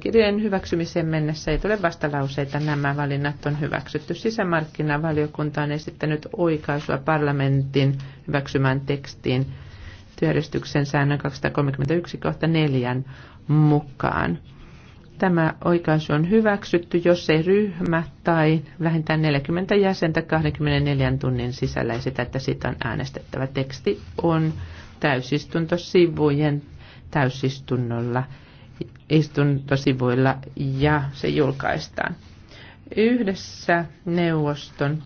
Kirjeen hyväksymiseen mennessä ei tule vastalauseita. Nämä valinnat on hyväksytty. Sisämarkkinavaliokunta on esittänyt oikaisua parlamentin hyväksymään tekstiin työjärjestyksen säännön 231 kohta 4 mukaan. Tämä oikaisu on hyväksytty, jos ei ryhmä tai vähintään 40 jäsentä 24 tunnin sisällä esitä, että siitä on äänestettävä. Teksti on täysistuntosivujen täysistunnolla istuntosivuilla ja se julkaistaan. Yhdessä neuvoston